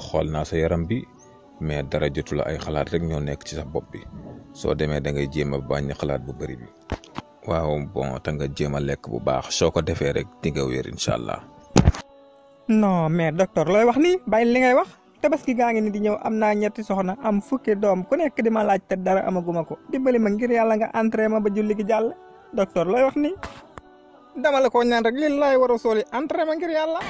xol na sa yaram bi mais dara jotu la ay xalaat rek ñoo nekk ci sa bop bi so démé da ngay jema a bañ xalaat bu bari bi waaw bon ta nga jema lek bu baax soko défé rek di nga wër inshallah non mais docteur looy wax ni bay li ngay wax tabaski ni di ñew amna ñetti soxna am fukki dom ku nekk di ma laaj te dara amaguma ko dimbali ma ngir yalla nga entré ma ba julli gi jall docteur looy wax ni dama la ko ñaan rek li lay soli ngir yalla